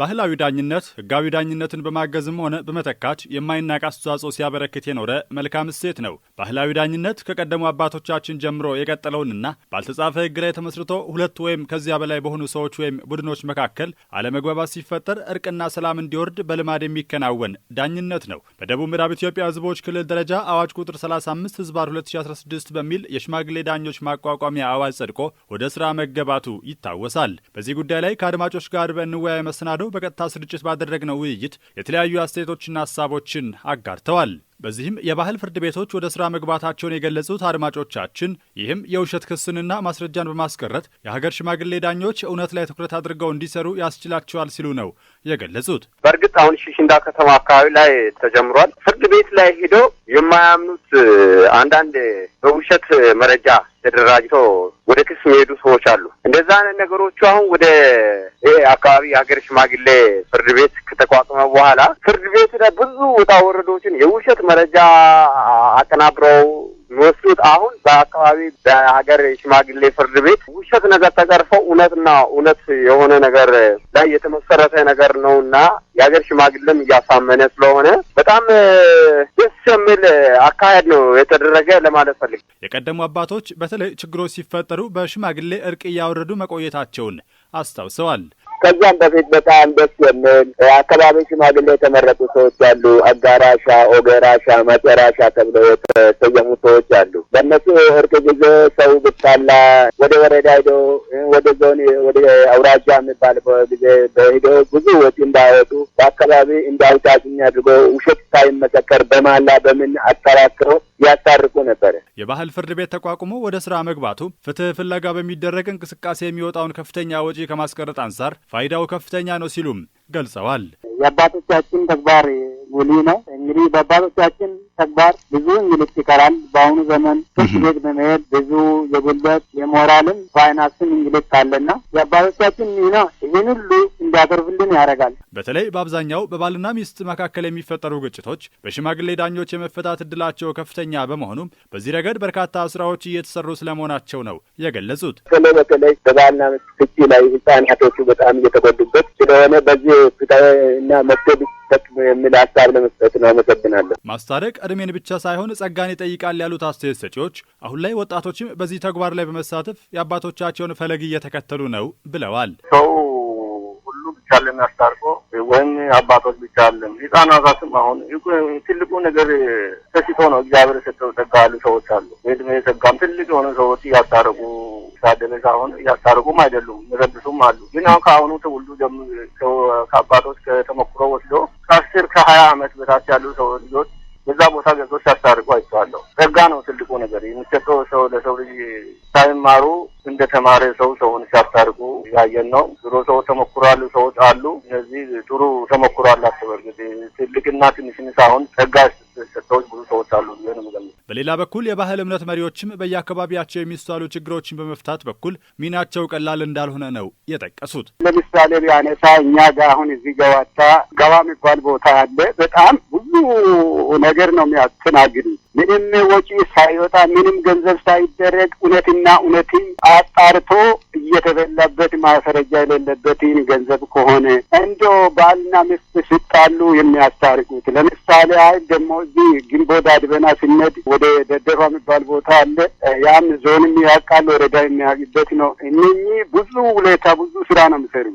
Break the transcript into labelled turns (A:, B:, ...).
A: ባህላዊ ዳኝነት ህጋዊ ዳኝነትን በማገዝም ሆነ በመተካት የማይናቅ አስተዋጽኦ ሲያበረክት የኖረ መልካም እሴት ነው። ባህላዊ ዳኝነት ከቀደሙ አባቶቻችን ጀምሮ የቀጠለውንና ባልተጻፈ ህግ ላይ ተመስርቶ ሁለት ወይም ከዚያ በላይ በሆኑ ሰዎች ወይም ቡድኖች መካከል አለመግባባት ሲፈጠር እርቅና ሰላም እንዲወርድ በልማድ የሚከናወን ዳኝነት ነው። በደቡብ ምዕራብ ኢትዮጵያ ህዝቦች ክልል ደረጃ አዋጅ ቁጥር 35 ህዝባር 2016 በሚል የሽማግሌ ዳኞች ማቋቋሚያ አዋጅ ጸድቆ ወደ ስራ መገባቱ ይታወሳል። በዚህ ጉዳይ ላይ ከአድማጮች ጋር በእንወያይ መሰናዶ በተለመደው በቀጥታ ስርጭት ባደረግነው ውይይት የተለያዩ አስተያየቶችና ሀሳቦችን አጋርተዋል። በዚህም የባህል ፍርድ ቤቶች ወደ ስራ መግባታቸውን የገለጹት አድማጮቻችን ይህም የውሸት ክስንና ማስረጃን በማስቀረት የሀገር ሽማግሌ ዳኞች እውነት ላይ ትኩረት አድርገው እንዲሰሩ ያስችላቸዋል ሲሉ ነው የገለጹት።
B: በእርግጥ አሁን ሽሽንዳ ከተማ አካባቢ ላይ ተጀምሯል። ፍርድ ቤት ላይ ሄደው የማያምኑት አንዳንድ በውሸት መረጃ ተደራጅቶ ወደ ክስ የሚሄዱ ሰዎች አሉ። እንደዛ አይነት ነገሮቹ አሁን ወደ ይሄ አካባቢ የሀገር ሽማግሌ ፍርድ ቤት ከተቋቋመ በኋላ ፍርድ ቤት ብዙ ውጣ ወረዶችን የውሸት መረጃ አቀናብረው ወስዶት አሁን በአካባቢ በሀገር ሽማግሌ ፍርድ ቤት ውሸት ነገር ተቀርፈው እውነትና እውነት የሆነ ነገር ላይ የተመሰረተ ነገር ነው እና የሀገር ሽማግሌም እያሳመነ ስለሆነ በጣም ደስ የሚል አካሄድ ነው የተደረገ ለማለት ፈልግ።
A: የቀደሙ አባቶች በተለይ ችግሮች ሲፈጠሩ በሽማግሌ እርቅ እያወረዱ መቆየታቸውን አስታውሰዋል።
B: ከዚያም በፊት በጣም ደስ የሚል አካባቢ ሽማግሌ የተመረጡ ሰዎች አሉ። አጋራሻ፣ ኦገራሻ፣ መጨራሻ ተብለው የተሰየሙ አሉ። በእነሱ እርቅ ጊዜ ሰው ብታላ ወደ ወረዳ ሄዶ ወደ ዞን ወደ አውራጃ የሚባል ጊዜ በሄዶ ብዙ ወጪ እንዳወጡ በአካባቢ እንዳይታጭኝ አድርጎ ውሸት ሳይመሰከር በማላ በምን አጠራክሮ ያስታርቁ ነበር።
A: የባህል ፍርድ ቤት ተቋቁሞ ወደ ስራ መግባቱ ፍትህ ፍለጋ በሚደረግ እንቅስቃሴ የሚወጣውን ከፍተኛ ወጪ ከማስቀረጥ አንጻር ፋይዳው ከፍተኛ ነው ሲሉም ገልጸዋል።
C: የአባቶቻችን ተግባር ጉሊ ነው። እንግዲህ በአባቶቻችን ተግባር ብዙ እንግልት ይቀራል። በአሁኑ ዘመን ፍርድ ቤት በመሄድ ብዙ የጉልበት የሞራልም ፋይናንስም እንግልት አለና የአባቶቻችን ሚና ይህን ሁሉ እንዲያቀርብልን ያደርጋል።
A: በተለይ በአብዛኛው በባልና ሚስት መካከል የሚፈጠሩ ግጭቶች በሽማግሌ ዳኞች የመፈታት እድላቸው ከፍተኛ በመሆኑም በዚህ ረገድ በርካታ ስራዎች እየተሰሩ ስለመሆናቸው ነው የገለጹት።
B: በተለይ በተለይ በባልና ሚስት ፍቺ ላይ ህጻናቶቹ በጣም እየተጎዱበት ስለሆነ በዚህ ፍትህ መፍትሄ ጠቅሙ የሚል ሀሳብ ለመስጠት ነው። አመሰግናለሁ።
A: ማስታረቅ እድሜን ብቻ ሳይሆን ጸጋን ይጠይቃል ያሉት አስተያየት ሰጪዎች አሁን ላይ ወጣቶችም በዚህ ተግባር ላይ በመሳተፍ የአባቶቻቸውን ፈለግ እየተከተሉ ነው ብለዋል።
B: ሰው ሁሉ ብቻ ለሚያስታርቆ ወይም አባቶች ብቻ አለን። ህጻናትም አሁን ትልቁ ነገር ተሽቶ ነው እግዚአብሔር የሰጠው ጸጋ ያሉ ሰዎች አሉ። የዕድሜ ጸጋም ትልቅ የሆነ ሰዎች እያስታረቁ ሳደረስ አሁን እያስታርቁም አይደሉም መረብሱም አሉ። ግን አሁን ከአሁኑ ትውልዱ ከአባቶች ከተሞክሮ ወስዶ ከአስር ከሀያ አመት በታች ያሉ ሰው ልጆች በዛ ቦታ ገብቶ ሲያስታርቁ አይቼዋለሁ። ጸጋ ነው ትልቁ ነገር የሚሰጠው ሰው ለሰው ልጅ ሳይማሩ እንደ ተማረ ሰው ሰውን ሲያስታርቁ ያየን ነው። ድሮ ሰው ተሞክሯሉ ሰዎች አሉ። እነዚህ ጥሩ ተሞክሮ አላቸው። በእርግጥ ትልቅና ትንሽን ሳይሆን ጸጋ ሰዎች ብዙ ሰዎች አሉ።
A: በሌላ በኩል የባህል እምነት መሪዎችም በየአካባቢያቸው የሚሳሉ ችግሮችን በመፍታት በኩል ሚናቸው ቀላል እንዳልሆነ ነው የጠቀሱት።
B: ለምሳሌ ቢያነሳ እኛ ጋር አሁን እዚህ ገዋታ ገባ የሚባል ቦታ አለ። በጣም ብዙ ነገር ነው የሚያስተናግዱ ምንም ወጪ ሳይወጣ ምንም ገንዘብ ሳይደረግ እውነትና እውነትን አጣርቶ እየተበላበት ማስረጃ ይህን ገንዘብ ከሆነ እንዶ ባልና ሚስት ሲጣሉ የሚያስታርቁት ለምሳሌ አይደል ደግሞ እዚህ ግንቦት አድበና ሲነድ ወደ ደደፋ የሚባል ቦታ አለ። ያም ዞን የሚያውቃል ወረዳ የሚያውቅበት ነው። እነኚህ ብዙ ውለታ ብዙ ስራ ነው የሚሰሩ